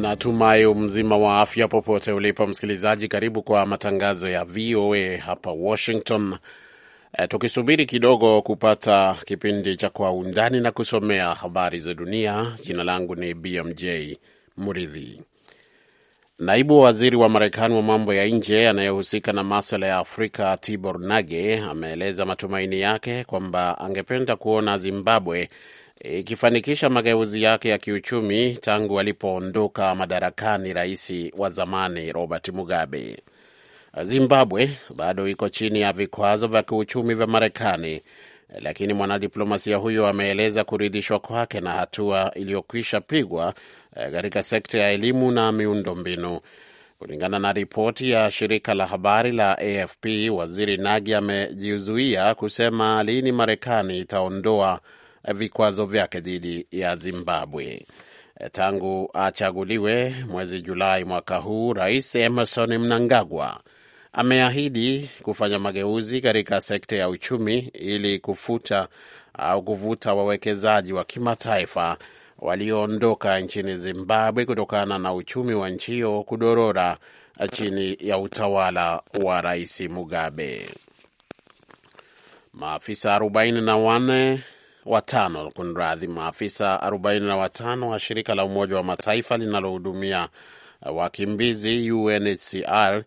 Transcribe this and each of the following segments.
Natumai mzima wa afya popote ulipo msikilizaji. Karibu kwa matangazo ya VOA hapa Washington. E, tukisubiri kidogo kupata kipindi cha Kwa Undani na kusomea habari za dunia. Jina langu ni BMJ Muridhi. Naibu waziri wa Marekani wa mambo ya nje anayehusika na maswala ya Afrika Tibor Nage ameeleza matumaini yake kwamba angependa kuona Zimbabwe ikifanikisha mageuzi yake ya kiuchumi tangu alipoondoka madarakani rais wa zamani Robert Mugabe. Zimbabwe bado iko chini ya vikwazo vya kiuchumi vya Marekani, lakini mwanadiplomasia huyo ameeleza kuridhishwa kwake na hatua iliyokwisha pigwa eh, katika sekta ya elimu na miundombinu. Kulingana na ripoti ya shirika la habari la AFP, waziri Nagi amejiuzuia kusema lini Marekani itaondoa vikwazo vyake dhidi ya Zimbabwe. E, tangu achaguliwe mwezi Julai mwaka huu, Rais Emerson Mnangagwa ameahidi kufanya mageuzi katika sekta ya uchumi ili kufuta au kuvuta wawekezaji wa kimataifa walioondoka nchini Zimbabwe kutokana na uchumi wa nchi hiyo kudorora chini ya utawala wa Rais Mugabe. Maafisa arobaini na watano kunradhi, maafisa 45 wa shirika la Umoja wa Mataifa linalohudumia uh, wakimbizi UNHCR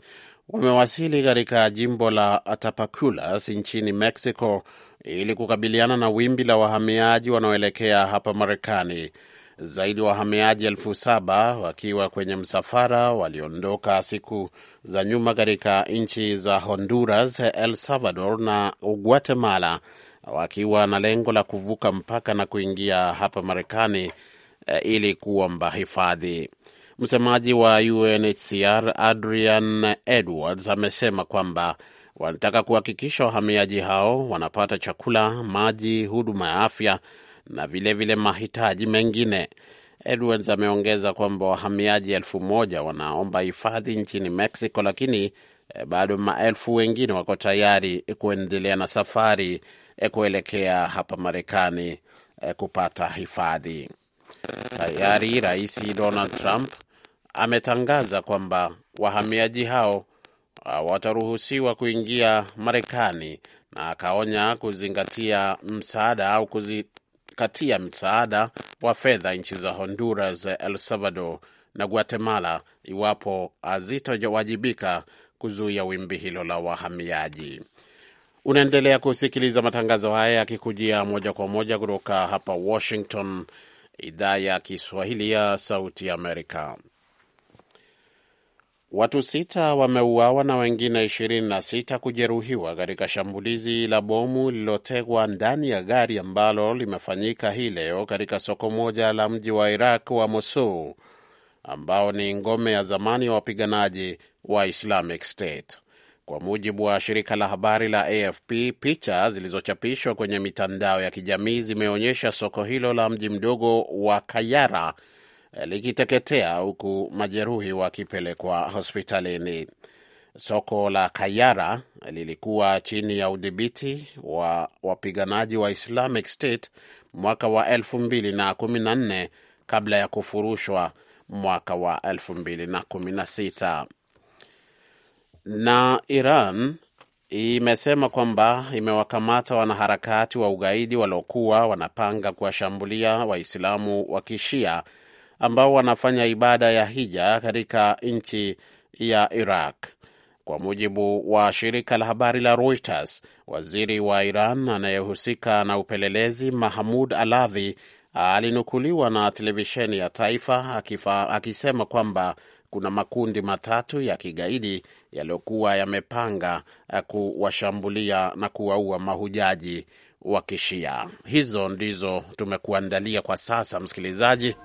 wamewasili katika jimbo la tapaculas nchini Mexico ili kukabiliana na wimbi la wahamiaji wanaoelekea hapa Marekani. Zaidi ya wahamiaji elfu saba wakiwa kwenye msafara waliondoka siku za nyuma katika nchi za Honduras, El Salvador na Guatemala wakiwa na lengo la kuvuka mpaka na kuingia hapa Marekani eh, ili kuomba hifadhi. Msemaji wa UNHCR Adrian Edwards amesema kwamba wanataka kuhakikisha wahamiaji hao wanapata chakula, maji, huduma ya afya na vilevile vile mahitaji mengine. Edwards ameongeza kwamba wahamiaji elfu moja wanaomba hifadhi nchini Mexico, lakini eh, bado maelfu wengine wako tayari kuendelea na safari Eh, kuelekea hapa Marekani eh, kupata hifadhi. Tayari Rais Donald Trump ametangaza kwamba wahamiaji hao ah, wataruhusiwa kuingia Marekani na akaonya kuzingatia msaada au kuzingatia msaada wa fedha nchi za Honduras, El Salvador na Guatemala iwapo hazitowajibika kuzuia wimbi hilo la wahamiaji. Unaendelea kusikiliza matangazo haya yakikujia moja kwa moja kutoka hapa Washington, idhaa ya Kiswahili ya Sauti Amerika. Watu sita wameuawa na wengine 26 kujeruhiwa katika shambulizi la bomu lililotegwa ndani ya gari ambalo limefanyika hii leo katika soko moja la mji wa Iraq wa Mosul ambao ni ngome ya zamani ya wapiganaji wa Islamic State. Kwa mujibu wa shirika la habari la AFP, picha zilizochapishwa kwenye mitandao ya kijamii zimeonyesha soko hilo la mji mdogo wa Kayara eh, likiteketea huku majeruhi wakipelekwa hospitalini. Soko la Kayara lilikuwa chini ya udhibiti wa wapiganaji wa Islamic State mwaka wa 214 kabla ya kufurushwa mwaka wa 216 na Iran imesema kwamba imewakamata wanaharakati wa ugaidi waliokuwa wanapanga kuwashambulia Waislamu wa Kishia ambao wanafanya ibada ya hija katika nchi ya Iraq. Kwa mujibu wa shirika la habari la Reuters, waziri wa Iran anayehusika na upelelezi Mahmud Alavi alinukuliwa na televisheni ya taifa akisema kwamba kuna makundi matatu ya kigaidi yaliyokuwa yamepanga eh, kuwashambulia na kuwaua mahujaji wa Kishia. Hizo ndizo tumekuandalia kwa sasa, msikilizaji.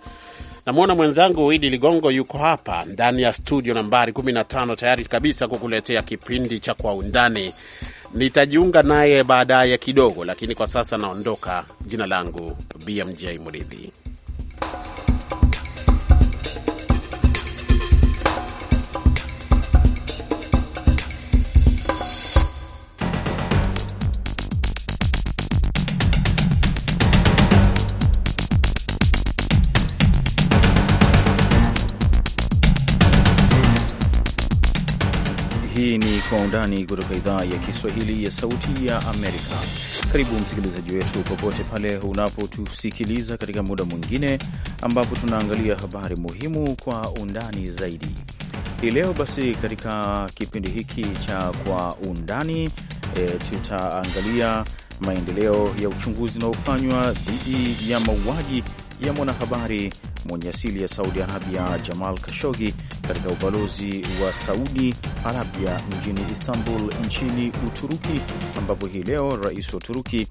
Namwona mwenzangu Idi Ligongo yuko hapa ndani ya studio nambari 15 tayari kabisa kukuletea kipindi cha Kwa Undani. Nitajiunga naye baadaye kidogo, lakini kwa sasa naondoka. Jina langu BMJ Muridhi. Kwa Undani kutoka idhaa ya Kiswahili ya Sauti ya Amerika. Karibu msikilizaji wetu popote pale unapotusikiliza katika muda mwingine ambapo tunaangalia habari muhimu kwa undani zaidi. Hii leo basi, katika kipindi hiki cha Kwa Undani e, tutaangalia maendeleo ya uchunguzi unaofanywa dhidi ya mauaji ya mwanahabari mwenye asili ya Saudi Arabia Jamal Khashoggi katika ubalozi wa Saudi Arabia mjini Istanbul nchini Uturuki, ambapo hii leo rais wa Uturuki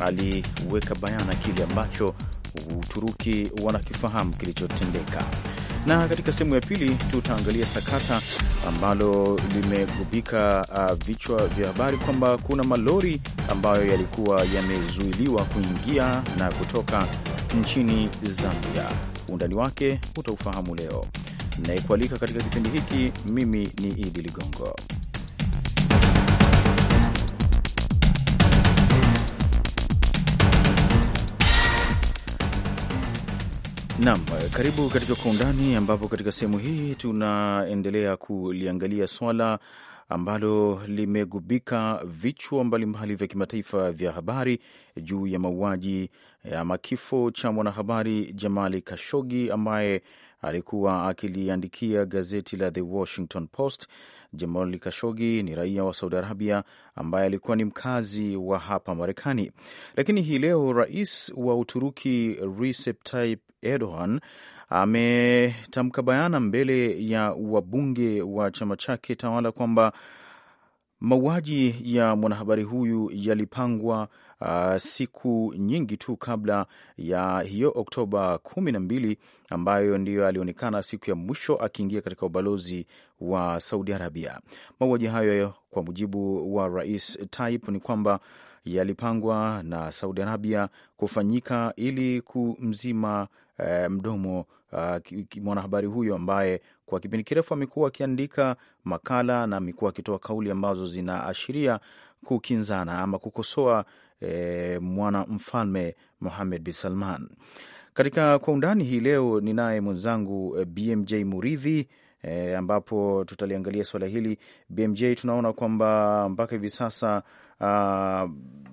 aliweka bayana kile ambacho Uturuki wanakifahamu kilichotendeka. Na katika sehemu ya pili tutaangalia sakata ambalo limegubika uh, vichwa vya habari kwamba kuna malori ambayo yalikuwa yamezuiliwa kuingia na kutoka nchini Zambia. Undani wake utaufahamu leo. Ninayekualika katika kipindi hiki mimi ni Idi Ligongo. Naam, karibu katika Kwa Undani, ambapo katika sehemu hii tunaendelea kuliangalia swala ambalo limegubika vichwa mbalimbali vya kimataifa vya habari juu ya mauaji ama kifo cha mwanahabari Jamali Kashogi ambaye alikuwa akiliandikia gazeti la The Washington Post. Jamali Kashogi ni raia wa Saudi Arabia ambaye alikuwa ni mkazi wa hapa Marekani, lakini hii leo rais wa Uturuki Recep Tayyip Erdogan ametamka bayana mbele ya wabunge wa chama chake tawala kwamba mauaji ya mwanahabari huyu yalipangwa uh, siku nyingi tu kabla ya hiyo Oktoba kumi na mbili ambayo ndiyo alionekana siku ya mwisho akiingia katika ubalozi wa Saudi Arabia. Mauaji hayo kwa mujibu wa Rais Tayyip ni kwamba yalipangwa na Saudi Arabia kufanyika ili kumzima e, mdomo ah, mwanahabari huyo ambaye kwa kipindi kirefu amekuwa akiandika makala na amekuwa akitoa kauli ambazo zinaashiria kukinzana ama kukosoa e, mwana mfalme Mohamed bin Salman. Katika kwa undani hii leo ninaye mwenzangu eh, BMJ Muridhi e, ambapo tutaliangalia suala hili BMJ. Tunaona kwamba mpaka hivi sasa Uh,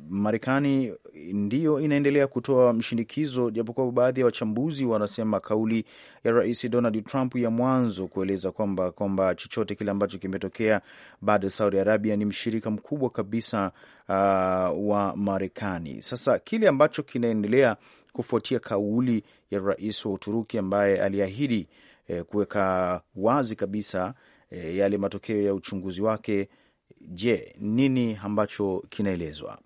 Marekani ndiyo inaendelea kutoa mshinikizo, japokuwa baadhi ya wachambuzi wanasema kauli ya Rais Donald Trump ya mwanzo kueleza kwamba kwamba chochote kile ambacho kimetokea baada ya Saudi Arabia ni mshirika mkubwa kabisa uh, wa Marekani. Sasa kile ambacho kinaendelea kufuatia kauli ya rais wa Uturuki ambaye aliahidi e, kuweka wazi kabisa e, yale matokeo ya uchunguzi wake. Je, nini ambacho kinaelezwa?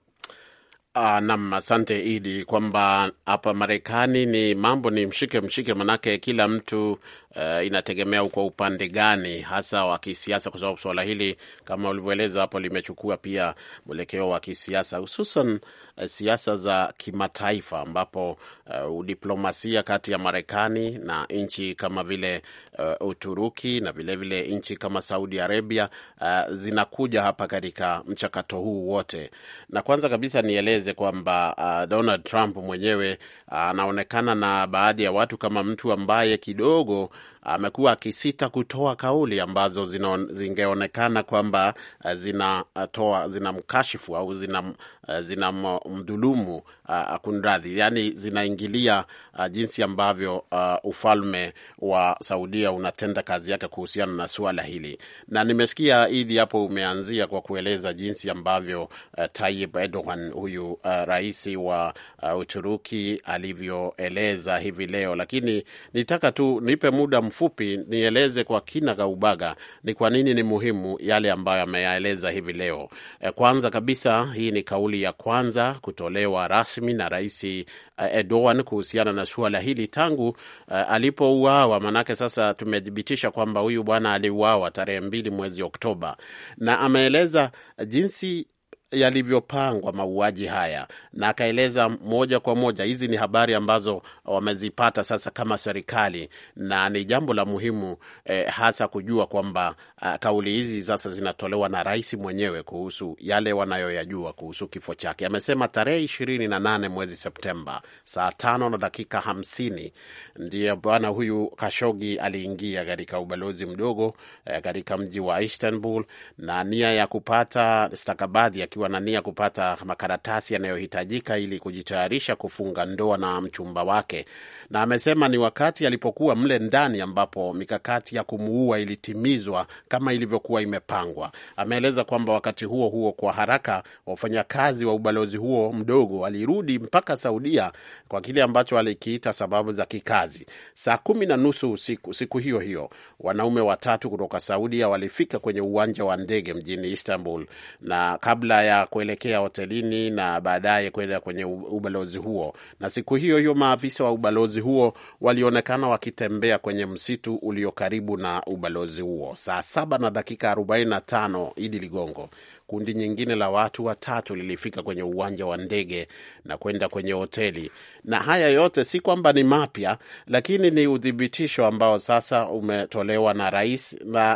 Ah, nam asante Idi, kwamba hapa Marekani ni mambo ni mshike mshike, manake kila mtu uh, inategemea uko upande gani hasa wa kisiasa, kwa sababu suala hili kama ulivyoeleza hapo limechukua pia mwelekeo wa kisiasa, hususan uh, siasa za kimataifa, ambapo uh, udiplomasia kati ya Marekani na nchi kama vile uh, Uturuki na vilevile vile nchi kama Saudi Arabia uh, zinakuja hapa katika mchakato huu wote. Na kwanza kabisa nieleze kwamba uh, Donald Trump mwenyewe anaonekana uh, na baadhi ya watu kama mtu ambaye kidogo amekuwa akisita kutoa kauli ambazo zina, zingeonekana kwamba eh, zinatoa zinamkashifu au zina, eh, zina mdhulumu eh, kunradhi, yani zinaingilia jinsi ambavyo uh, ufalme wa Saudia unatenda kazi yake kuhusiana na suala hili, na nimesikia Idi hapo umeanzia kwa kueleza jinsi ambavyo uh, Tayyip Erdogan huyu uh, rais wa uh, Uturuki alivyoeleza hivi leo, lakini nitaka tu nipe muda ufupi nieleze kwa kina kaubaga ni kwa nini ni muhimu yale ambayo ameyaeleza hivi leo. Eh, kwanza kabisa, hii ni kauli ya kwanza kutolewa rasmi na Rais eh, Erdogan kuhusiana na suala hili tangu eh, alipouawa, manake sasa tumethibitisha kwamba huyu bwana aliuawa tarehe mbili mwezi Oktoba, na ameeleza jinsi yalivyopangwa mauaji haya, na akaeleza moja kwa moja. Hizi ni habari ambazo wamezipata sasa kama serikali, na ni jambo la muhimu eh, hasa kujua kwamba uh, kauli hizi sasa zinatolewa na rais mwenyewe kuhusu yale wanayoyajua kuhusu kifo chake. Amesema tarehe ishirini na nane mwezi Septemba saa tano na dakika hamsini ndiye bwana huyu Kashogi aliingia katika ubalozi mdogo eh, katika eh, mji wa Istanbul na nia ya kupata stakabadhi ya akiwa na nia kupata makaratasi yanayohitajika ili kujitayarisha kufunga ndoa na mchumba wake, na amesema ni wakati alipokuwa mle ndani ambapo mikakati ya kumuua ilitimizwa kama ilivyokuwa imepangwa. Ameeleza kwamba wakati huo huo, kwa haraka, wafanyakazi wa ubalozi huo mdogo walirudi mpaka Saudia kwa kile ambacho alikiita sababu za kikazi. Saa kumi na nusu usiku siku hiyo hiyo, wanaume watatu kutoka Saudia walifika kwenye uwanja wa ndege mjini Istanbul na kabla ya kuelekea hotelini na baadaye kwenda kwenye ubalozi huo. Na siku hiyo hiyo maafisa wa ubalozi huo walionekana wakitembea kwenye msitu ulio karibu na ubalozi huo saa saba na dakika 45 Idi Ligongo kundi nyingine la watu watatu lilifika kwenye uwanja wa ndege na kwenda kwenye hoteli. Na haya yote si kwamba ni mapya, lakini ni udhibitisho ambao sasa umetolewa na rais na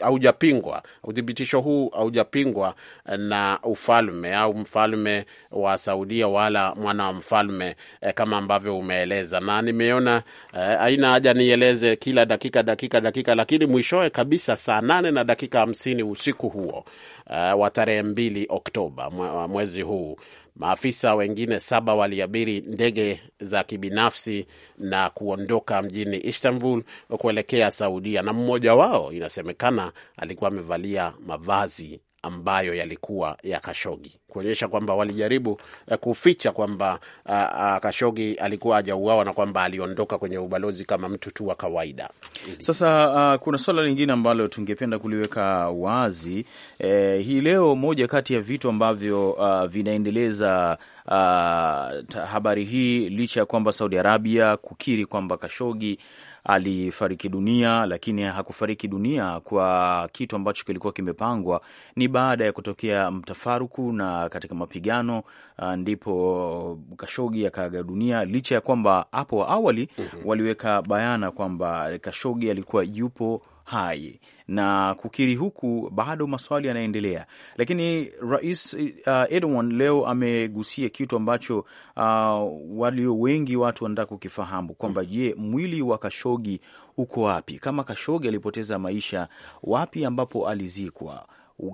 haujapingwa. Udhibitisho huu haujapingwa na ufalme au mfalme wa Saudia wala mwana wa mfalme eh, kama ambavyo umeeleza, na nimeona eh, haina eh, haja nieleze kila dakika dakika dakika, lakini mwishowe kabisa saa nane na dakika hamsini usiku huo eh, wa tarehe mbili Oktoba mwezi huu. Maafisa wengine saba waliabiri ndege za kibinafsi na kuondoka mjini Istanbul kuelekea Saudia, na mmoja wao inasemekana alikuwa amevalia mavazi ambayo yalikuwa ya Kashogi, kuonyesha kwamba walijaribu eh, kuficha kwamba ah, ah, Kashogi alikuwa hajauawa na kwamba aliondoka kwenye ubalozi kama mtu tu wa kawaida. Sasa a, ah, kuna swala lingine ambalo tungependa kuliweka wazi e, hii leo. Moja kati ya vitu ambavyo a, vinaendeleza a, habari hii licha ya kwamba Saudi Arabia kukiri kwamba Kashogi alifariki dunia, lakini hakufariki dunia kwa kitu ambacho kilikuwa kimepangwa. Ni baada ya kutokea mtafaruku na katika mapigano uh, ndipo Kashogi akaaga dunia, licha ya kwamba hapo awali mm -hmm. waliweka bayana kwamba Kashogi alikuwa yupo hai na kukiri huku bado maswali yanaendelea, lakini rais uh, Erdogan leo amegusia kitu ambacho uh, walio wengi watu wanataka kukifahamu kwamba je, mwili wa Kashogi uko wapi? Kama Kashogi alipoteza maisha, wapi ambapo alizikwa?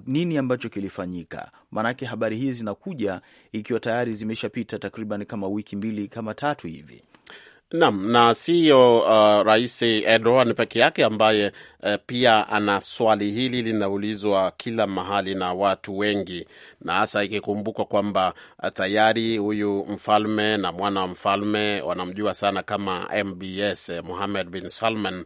Nini ambacho kilifanyika? Maanake habari hizi zinakuja ikiwa tayari zimeshapita takriban kama wiki mbili kama tatu hivi. Naam, na siyo uh, Rais Erdogan peke yake ambaye uh, pia ana swali hili linaulizwa kila mahali na watu wengi, na hasa ikikumbukwa kwamba uh, tayari huyu mfalme na mwana wa mfalme wanamjua sana kama MBS, Mohammed bin Salman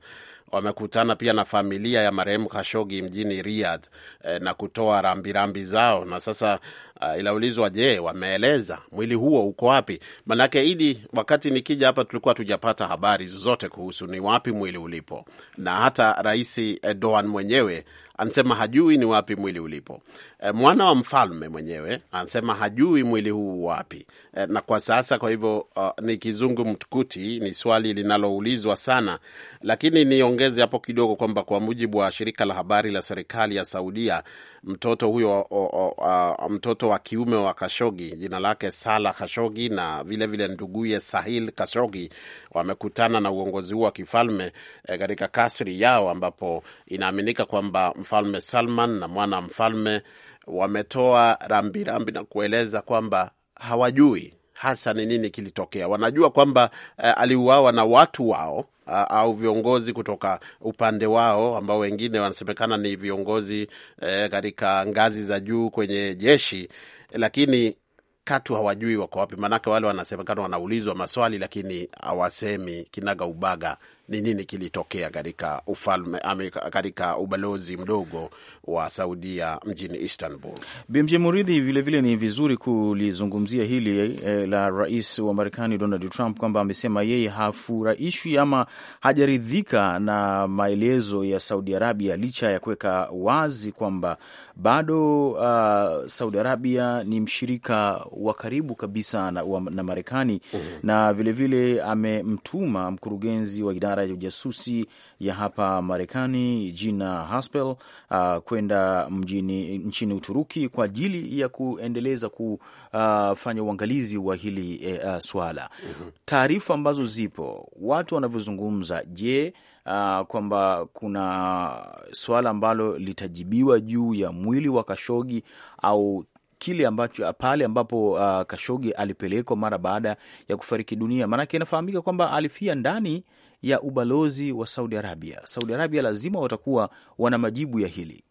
wamekutana pia na familia ya marehemu Khashogi mjini Riyadh eh, na kutoa rambirambi zao. Na sasa uh, inaulizwa je, wameeleza mwili huo uko wapi? Manake Idi, wakati nikija hapa tulikuwa tujapata habari zote kuhusu ni wapi mwili ulipo, na hata Rais Erdogan mwenyewe anasema hajui ni wapi mwili ulipo e, mwana wa mfalme mwenyewe anasema hajui mwili huu wapi e, na kwa sasa, kwa hivyo uh, ni kizungu mtukuti, ni swali linaloulizwa sana, lakini niongeze hapo kidogo kwamba kwa mujibu wa shirika la habari la serikali ya Saudia, mtoto huyo o, o, o, mtoto wa kiume wa Kashogi jina lake Sala Kashogi na vilevile vile nduguye Sahil Kashogi wamekutana na uongozi huo wa kifalme eh, katika e, kasri yao ambapo inaaminika kwamba mfalme Salman na mwana mfalme wametoa rambirambi na kueleza kwamba hawajui hasa ni nini kilitokea. Wanajua kwamba uh, aliuawa na watu wao uh, au viongozi kutoka upande wao ambao wengine wanasemekana ni viongozi eh, katika ngazi za juu kwenye jeshi, lakini katu hawajui wako wapi, maanake wale wanasemekana wanaulizwa maswali lakini hawasemi kinaga ubaga ni nini kilitokea katika ufalme katika ubalozi mdogo wa Saudia mjini Istanbul. BMJ Muridhi, vilevile ni vizuri kulizungumzia hili eh, la rais wa Marekani Donald Trump kwamba amesema yeye hafurahishwi ama hajaridhika na maelezo ya Saudi Arabia licha ya kuweka wazi kwamba bado uh, Saudi Arabia ni mshirika wa karibu kabisa na, na Marekani mm -hmm. na vilevile amemtuma mkurugenzi wa idara idara ya ujasusi ya hapa Marekani jina Haspel uh, kwenda mjini nchini Uturuki kwa ajili ya kuendeleza kufanya uh, uangalizi wa hili eh, uh, swala mm -hmm. Taarifa ambazo zipo watu wanavyozungumza, je, uh, kwamba kuna swala ambalo litajibiwa juu ya mwili wa Kashogi au kile ambacho pale ambapo uh, Kashogi alipelekwa mara baada ya kufariki dunia. Maanake inafahamika kwamba alifia ndani ya ubalozi wa Saudi Arabia. Saudi Arabia lazima watakuwa wana majibu ya hili.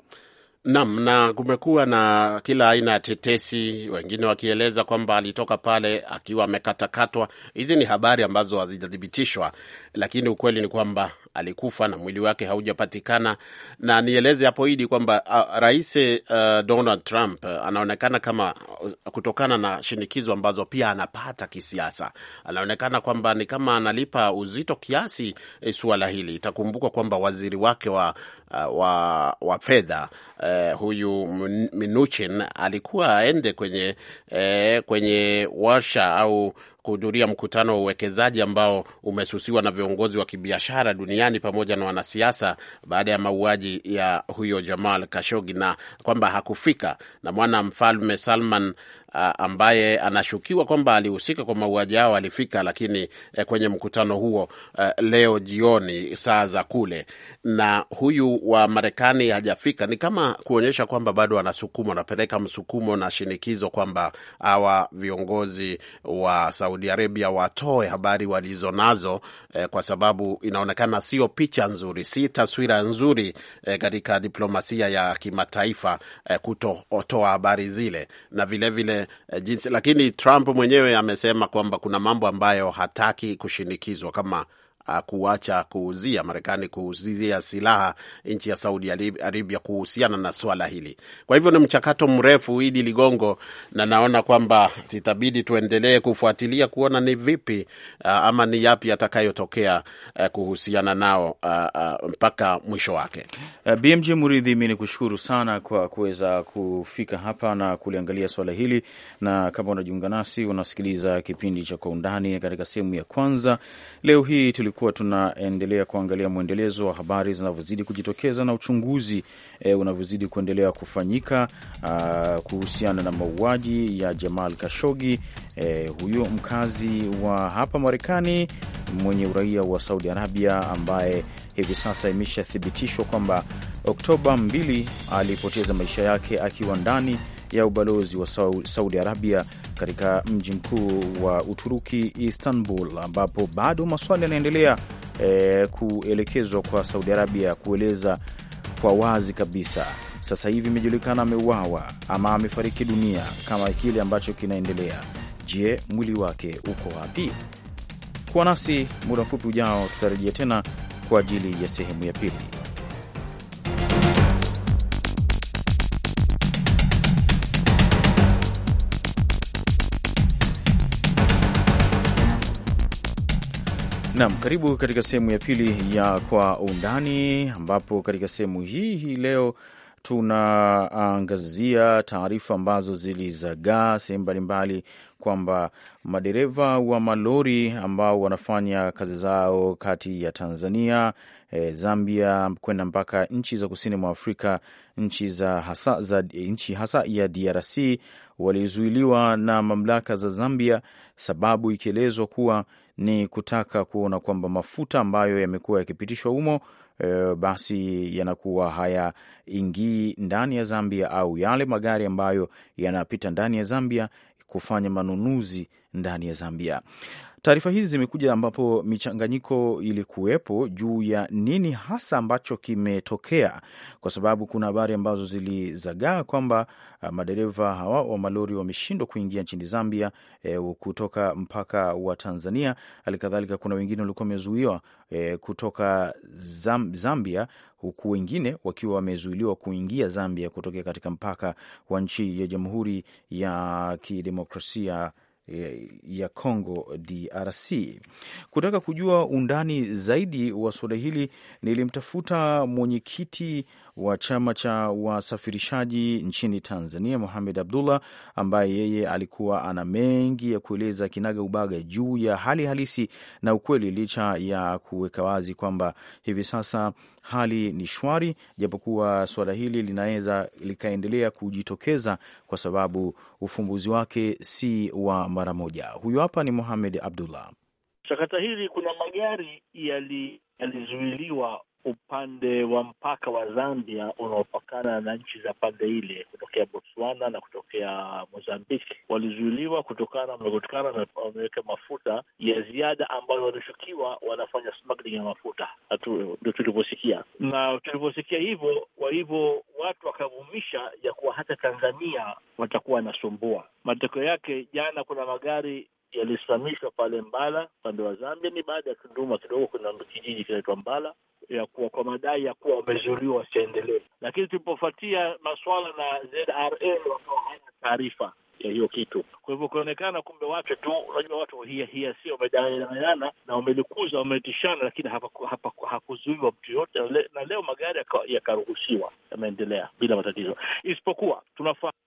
Naam, na kumekuwa na kila aina ya tetesi, wengine wakieleza kwamba alitoka pale akiwa amekatakatwa. Hizi ni habari ambazo hazijathibitishwa, lakini ukweli ni kwamba alikufa na mwili wake haujapatikana. Na nieleze hapo Idi kwamba uh, rais uh, Donald Trump uh, anaonekana kama, uh, kutokana na shinikizo ambazo pia anapata kisiasa, anaonekana kwamba ni kama analipa uzito kiasi e, suala hili. Itakumbukwa kwamba waziri wake wa uh, wa, wa fedha uh, huyu minuchin alikuwa aende kwenye, uh, kwenye warsha au kuhudhuria mkutano wa uwekezaji ambao umesusiwa na viongozi wa kibiashara duniani pamoja na wanasiasa baada ya mauaji ya huyo Jamal Kashogi, na kwamba hakufika na mwana mfalme Salman ambaye anashukiwa kwamba alihusika kwa mauaji hao alifika, lakini eh, kwenye mkutano huo eh, leo jioni saa za kule, na huyu wa Marekani hajafika. Ni kama kuonyesha kwamba bado anasukumwa, anapeleka msukumo na shinikizo kwamba hawa viongozi wa Saudi Arabia watoe habari walizonazo, eh, kwa sababu inaonekana sio picha nzuri, si taswira nzuri katika diplomasia ya kimataifa kutotoa habari zile na vilevile vile Eh, jinsi, lakini Trump mwenyewe amesema kwamba kuna mambo ambayo hataki kushinikizwa kama kuacha kuuzia Marekani kuuzia silaha nchi ya Saudi Arabia kuhusiana na swala hili. Kwa hivyo ni mchakato mrefu, Idi Ligongo, na naona kwamba itabidi tuendelee kufuatilia kuona ni vipi uh, ama ni yapi yatakayotokea uh, kuhusiana nao uh, mpaka mwisho wake. BMJ Muridhi, mi ni kushukuru sana kwa kuweza kufika hapa na kuliangalia swala hili, na kama unajiunga nasi unasikiliza kipindi cha Kwa Undani katika sehemu ya kwanza leo hii tuli tulikuwa tunaendelea kuangalia mwendelezo wa habari zinavyozidi kujitokeza na uchunguzi e, unavyozidi kuendelea kufanyika ah, kuhusiana na mauaji ya Jamal Kashogi e, eh, huyo mkazi wa hapa Marekani mwenye uraia wa Saudi Arabia ambaye hivi sasa imeshathibitishwa kwamba Oktoba 2 alipoteza maisha yake akiwa ndani ya ubalozi wa Saudi Arabia katika mji mkuu wa Uturuki, Istanbul, ambapo bado maswali yanaendelea eh, kuelekezwa kwa Saudi Arabia kueleza kwa wazi kabisa sasa hivi imejulikana ameuawa ama amefariki dunia, kama kile ambacho kinaendelea. Je, mwili wake uko wapi? Kuwa nasi muda mfupi ujao, tutarejea tena kwa ajili ya sehemu ya pili. Naam, karibu katika sehemu ya pili ya Kwa Undani, ambapo katika sehemu hii hii leo tunaangazia taarifa ambazo zilizagaa sehemu mbalimbali kwamba madereva wa malori ambao wanafanya kazi zao kati ya Tanzania, e, Zambia kwenda mpaka nchi za kusini mwa Afrika, nchi za hasa, za, nchi hasa ya DRC walizuiliwa na mamlaka za Zambia, sababu ikielezwa kuwa ni kutaka kuona kwamba mafuta ambayo yamekuwa yakipitishwa humo e, basi yanakuwa hayaingii ndani ya Zambia, au yale magari ambayo yanapita ndani ya Zambia kufanya manunuzi ndani ya Zambia. Taarifa hizi zimekuja ambapo michanganyiko ilikuwepo juu ya nini hasa ambacho kimetokea, kwa sababu kuna habari ambazo zilizagaa kwamba uh, madereva hawa wa malori wameshindwa kuingia nchini Zambia e, kutoka mpaka wa Tanzania. Halikadhalika kuna wengine walikuwa wamezuiwa e, kutoka Zambia huku wengine wakiwa wamezuiliwa kuingia Zambia kutokea katika mpaka wa nchi ya Jamhuri ya Kidemokrasia ya Congo DRC. Kutaka kujua undani zaidi wa suala hili nilimtafuta mwenyekiti wa chama cha wasafirishaji nchini Tanzania, muhamed Abdullah, ambaye yeye alikuwa ana mengi ya kueleza kinaga ubaga juu ya hali halisi na ukweli, licha ya kuweka wazi kwamba hivi sasa hali ni shwari, japokuwa suala hili linaweza likaendelea kujitokeza kwa sababu ufumbuzi wake si wa mara moja. Huyu hapa ni muhamed Abdullah. Sakata hili kuna magari yalizuiliwa yali upande wa mpaka wa Zambia unaopakana na nchi za pande ile kutokea Botswana na kutokea Mozambiki walizuiliwa kutokana kutokana wameweka mafuta ya ziada ambayo walishukiwa wanafanya smuggling ya mafuta, ndio tulivyosikia. Na tulivyosikia hivyo, kwa hivyo watu wakavumisha ya kuwa hata Tanzania watakuwa wanasumbua. Matokeo yake jana, kuna magari yalisimamishwa pale Mbala upande wa Zambia, ni baada ya Tunduma kidogo, kuna kijiji kinaitwa Mbala ya kuwa kwa madai ya kuwa wamezuliwa wasiendelee, lakini tulipofuatia maswala na ZRA wakawa hana taarifa ya hiyo kitu. Kwa hivyo kuonekana kumbe watu tu, unajua watu hia hia, sio wamedaanana na wamelikuza wametishana, lakini hakuzuiwa mtu yote, na leo magari yakaruhusiwa yameendelea bila matatizo, isipokuwa tunafahamu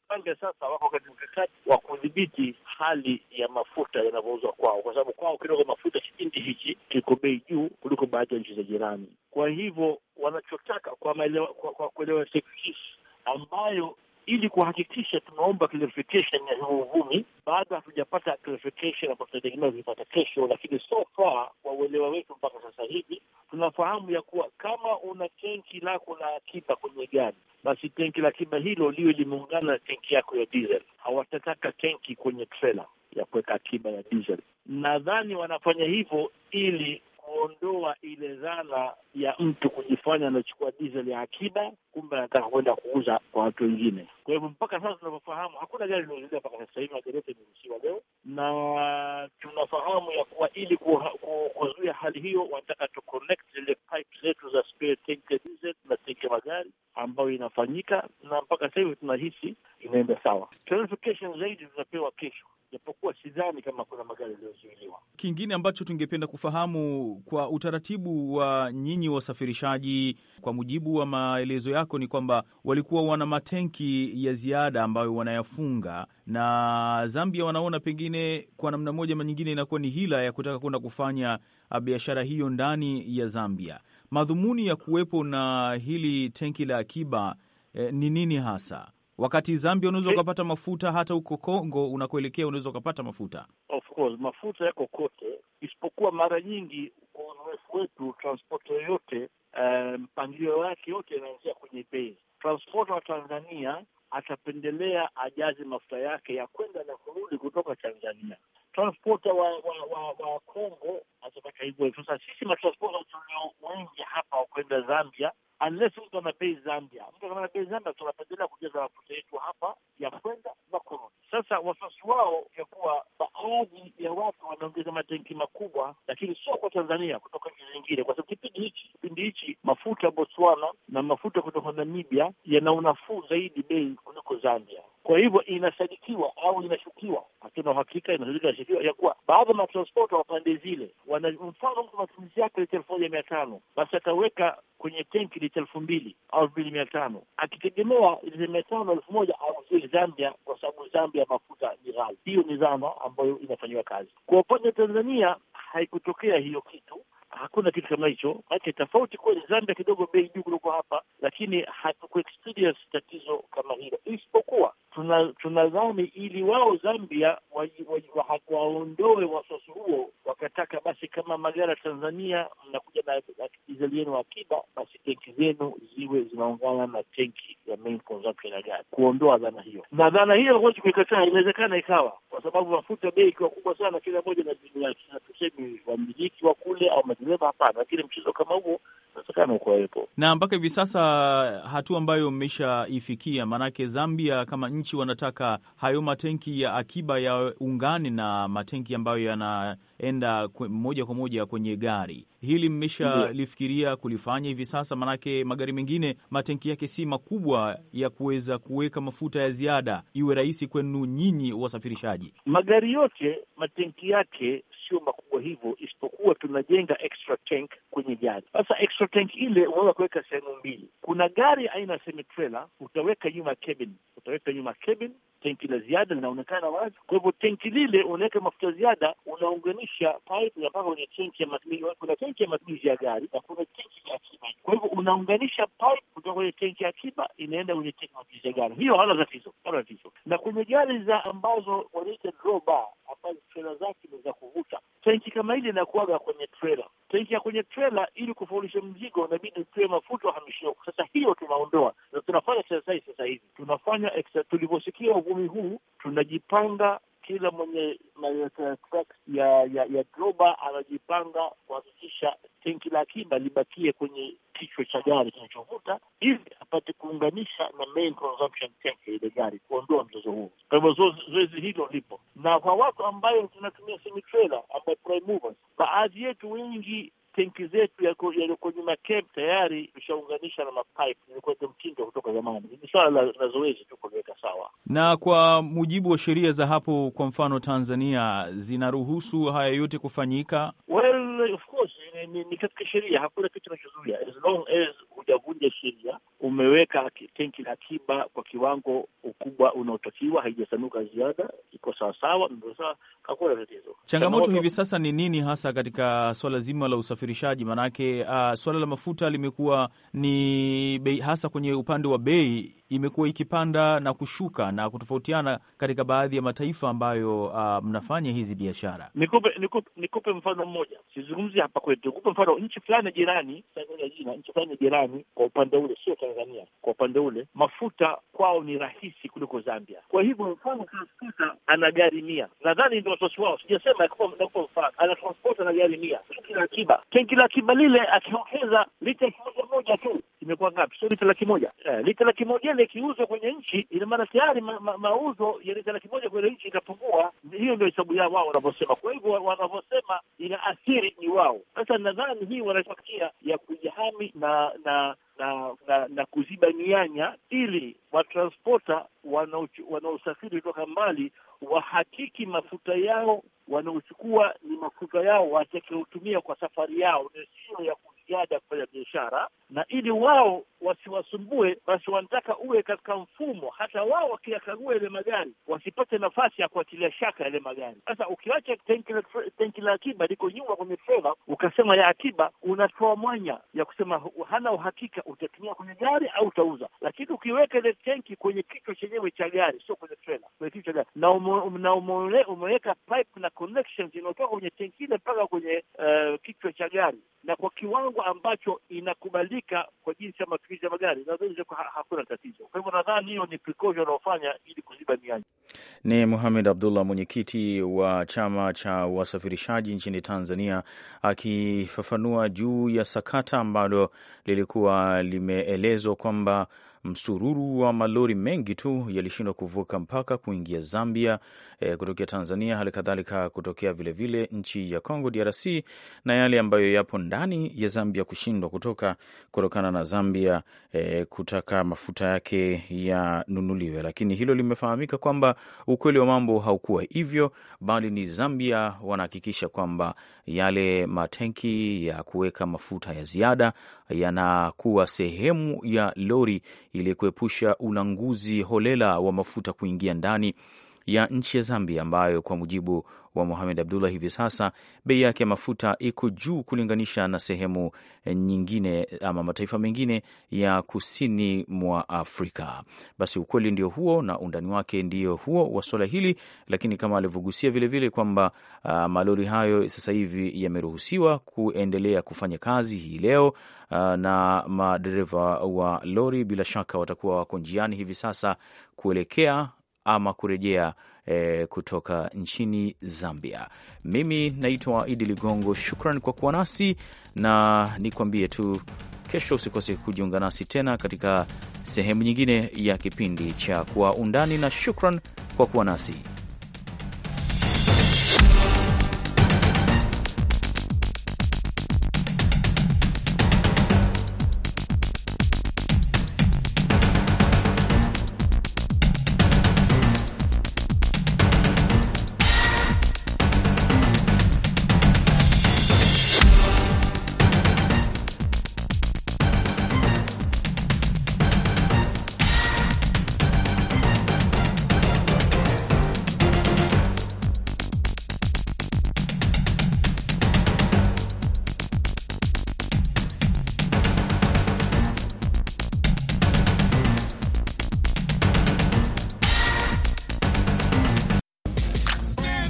sasa wako katika mkakati wa kudhibiti hali ya mafuta yanavyouzwa kwao, kwa sababu kwao kidogo mafuta kipindi hichi kiko bei juu kuliko baadhi ya nchi za jirani. Kwa hivyo wanachotaka kwa maelewa, kwa, kwa kuelewa ambayo ili kuhakikisha tunaomba clarification ya huu uvumi. Bado hatujapata clarification ambayo tunategemea kuipata kesho, lakini so far kwa uelewa wetu mpaka sasa hivi tunafahamu ya kuwa kama una tenki lako la akiba kwenye gari, basi tenki la akiba hilo liwe limeungana na tenki yako ya diesel. Hawatataka tenki kwenye trela ya kuweka akiba ya diesel. Nadhani wanafanya hivyo ili kuondoa ile dhana ya mtu kujifanya anachukua dizeli ya akiba, kumbe anataka kwenda kuuza kwa watu wengine. Kwa hivyo mpaka sasa tunavyofahamu, hakuna gari linaozuliwa mpaka sasa hivi, magari yote imeruhusiwa leo, na tunafahamu ya kuwa ili kuzuia hali hiyo, wanataka tu connect zile pipe zetu za spare tank ya diesel na tanki ya magari ambayo inafanyika na mpaka sasa hivi tunahisi inaenda sawa. Clarification zaidi tunapewa kesho, japokuwa sidhani kama kuna magari yaliyozuiliwa. Kingine ambacho tungependa kufahamu kwa utaratibu wa nyinyi wasafirishaji, kwa mujibu wa maelezo yako, ni kwamba walikuwa wana matenki ya ziada ambayo wanayafunga, na Zambia wanaona pengine kwa namna moja ama nyingine inakuwa ni hila ya kutaka kwenda kufanya biashara hiyo ndani ya Zambia madhumuni ya kuwepo na hili tenki la akiba eh, ni eh, nini hasa? Wakati Zambia unaweza eh. ukapata mafuta, hata huko Kongo unakoelekea unaweza ukapata mafuta. Of course mafuta yako kote, isipokuwa mara nyingi kwa uzoefu wetu transport yoyote eh, mpangilio um, wake yote inaanzia kwenye bei. Transport wa Tanzania atapendelea ajaze mafuta yake ya kwenda na kurudi kutoka Tanzania, transpota wa wa wa Kongo wa hivyo. Sasa sisi matransporta tulio wengi hapa wa kwenda Zambia unless mtu ana bei Zambia. Mtu kama ana Zambia, tunapendelea kujaza mafuta yetu hapa ya kwenda na kurudi. Sasa wasiwasi wao ya kuwa baadhi ya watu wameongeza matenki makubwa, lakini sio kwa Tanzania, kutoka nchi zingine, kwa sababu kipindi hichi kipindi hichi mafuta ya Botswana na mafuta kutoka Namibia yana unafuu zaidi bei kuliko Zambia. Kwa hivyo inasadikiwa au inashukiwa, hatuna uhakika, inasadikiwa ya kuwa baadhi ya matranspota wa pande zile wana, mfano mtu matumizi yake lita elfu moja mia tano basi ataweka kwenye tenki lita elfu mbili au elfu mbili mia tano akitegemewa lita mia tano elfu moja au Zambia, kwa sababu Zambia mafuta ni ghali. Hiyo ni dhana ambayo inafanyiwa kazi. Kwa upande wa Tanzania haikutokea hiyo kitu, hakuna kitu kama hicho. Ake tofauti kweli, Zambia kidogo bei juu kuliko hapa, lakini hatuku experience tatizo kama hilo isipokuwa tuna, tunadhani ili wao Zambia waondoe wasiwasi huo, wakataka basi, kama Magara Tanzania mnakuja na dizeli yenu akiba, basi tenki zenu ziwe zinaungana na tenki ya main consumption ya gari, kuondoa dhana hiyo. Na dhana hiyo huwezi kuikataa, inawezekana ikawa, kwa sababu mafuta bei ikiwa kubwa sana, kila moja na bei yake. Hatusemi wamiliki wa kule au madereva, hapana, lakini mchezo kama huo inawezekana ukawepo, na mpaka hivi sasa hatua ambayo mmeshaifikia, maanake Zambia kama wananchi wanataka hayo matenki ya akiba yaungane na matenki ambayo yanaenda moja kwa moja kwenye gari. Hili mmeshalifikiria kulifanya hivi sasa? Maanake magari mengine matenki yake si makubwa ya kuweza kuweka mafuta ya ziada, iwe rahisi kwenu nyinyi wasafirishaji. Magari yote matenki yake sio makubwa hivyo, isipokuwa tunajenga extra tank kwenye gari. Sasa extra tank ile unaweza kuweka sehemu mbili. Kuna gari aina ya semi trailer, utaweka nyuma cabin, utaweka nyuma cabin tenki la ziada linaonekana wazi. Kwa hivyo tenki lile unaweka mafuta ziada, unaunganisha pipe mpaka kwenye tenki ya matumizi. Kuna tenki ya matumizi ya gari na kuna tenki ya akiba. Kwa hivyo unaunganisha pipe kutoka kwenye tenki ya akiba inaenda kwenye tenki ya matumizi ya gari. Hiyo hana tatizo, hana tatizo. Na kwenye gari za ambazo wanaita drawbar, ambazo trela zake ni za kuvuta, tenki kama ile inakuaga kwenye trela. Tenki ya kwenye trela, ili kufaulisha mzigo inabidi tue mafuta hamishio. Sasa hiyo tunaondoa na tunafanya exercise sasa hivi, tunafanya tulivyosikia uvumi huu tunajipanga, kila mwenye ya ya ya droba anajipanga kuhakikisha tenki la akiba libakie kwenye kichwa cha gari kinachovuta ili apate kuunganisha na main consumption tank ya ile gari, kuondoa mzozo huo. Kwa hivyo zoezi hilo lipo, na kwa watu ambayo tunatumia semi trailer ambayo prime movers, baadhi yetu wengi tenki zetu yaliyoko nyuma kem tayari ushaunganisha na mapipe, ilikuwa ndio mtindo kutoka zamani. Ni swala la zoezi tu kuliweka sawa, na kwa mujibu wa sheria za hapo, kwa mfano Tanzania zinaruhusu haya yote kufanyika. Well, of course, ni, ni, ni katika sheria, hakuna kitu kinachozuia as long as hujavunja sheria, umeweka tenki la akiba kwa kiwango ukubwa unaotakiwa, haijasanuka ziada, iko sawasawa, hakuna tatizo. Changamoto hivi sasa ni nini hasa katika swala zima la usafirishaji? Maanake uh, swala la mafuta limekuwa ni bei, hasa kwenye upande wa bei imekuwa ikipanda na kushuka na kutofautiana katika baadhi ya mataifa ambayo uh, mnafanya hizi biashara. Nikupe, nikupe, nikupe mfano mmoja, sizungumzi hapa kwetu, nikupe mfano nchi fulani jirani, nchi fulani jirani Tanzania, kwa upande ule sio Tanzania, kwa upande ule mafuta kwao ni rahisi kuliko Zambia. Kwa hivyo mfano transporta ana gari mia, nadhani ndio watosi wao, sijasema, nakupa mfano, ana transpota na gari mia, tenki la akiba, tenki la akiba lile akiongeza lita elfu moja moja tu imekuwa ngapi? Sio lita laki moja eh, lita laki moja ile ikiuzwa kwenye nchi, ina maana tayari ma, ma, mauzo ya lita laki moja kwenye nchi itapungua. Hiyo ndio hesabu yao wao wanavyosema. Kwa hivyo wanavyosema ina athiri ni wao. Sasa nadhani hii wanatakia ya kujihami na na na na, na kuziba mianya ili watranspota wanaosafiri kutoka mbali wahakiki mafuta yao wanaochukua ni mafuta yao watakayotumia kwa safari yao, na sio ya jitihada kufanya biashara, na ili wao wasiwasumbue, basi wanataka uwe katika mfumo, hata wao wakiyakagua ile magari wasipate nafasi ya kuatilia shaka yale magari. Sasa ukiacha tenki la akiba liko nyuma kwenye fedha ukasema ya akiba, unatoa mwanya ya kusema hana uhakika utatumia kwenye gari au utauza. Lakini ukiweka ile tenki kwenye kichwa chenyewe cha gari, sio kwenye trela, kwenye kichwa cha gari, na umeweka pipe na connections inayotoka kwenye tenki ile mpaka kwenye uh, kichwa cha gari na kwa kiwango kiwango ambacho inakubalika kwa jinsi ya matumizi ya magari, nadhani hakuna tatizo. Kwa hivyo nadhani hiyo ni precaution wanaofanya ili kuziba mianya. Ni Muhamed Abdullah, mwenyekiti wa chama cha wasafirishaji nchini Tanzania, akifafanua juu ya sakata ambalo lilikuwa limeelezwa kwamba msururu wa malori mengi tu yalishindwa kuvuka mpaka kuingia Zambia e, kutokea Tanzania, hali kadhalika kutokea vilevile vile nchi ya Congo DRC na yale ambayo yapo ndani ya Zambia kushindwa kutoka kutokana na Zambia e, kutaka mafuta yake yanunuliwe. Lakini hilo limefahamika kwamba ukweli wa mambo haukuwa hivyo, bali ni Zambia wanahakikisha kwamba yale matenki ya kuweka mafuta ya ziada yanakuwa sehemu ya lori ili kuepusha ulanguzi holela wa mafuta kuingia ndani ya nchi ya Zambia ambayo kwa mujibu wa Mohamed Abdullah hivi sasa bei yake ya mafuta iko juu kulinganisha na sehemu nyingine ama mataifa mengine ya kusini mwa Afrika. Basi ukweli ndio huo na undani wake ndio huo wa suala hili, lakini kama alivyogusia vilevile kwamba uh, malori hayo sasa hivi yameruhusiwa kuendelea kufanya kazi hii leo. Uh, na madereva wa lori bila shaka watakuwa wako njiani hivi sasa kuelekea ama kurejea e, kutoka nchini Zambia. Mimi naitwa Idi Ligongo, shukran kwa kuwa nasi na kuambie tu kesho usikose kujiunga nasi tena katika sehemu nyingine ya kipindi cha Kwa Undani, na shukran kwa kuwa nasi.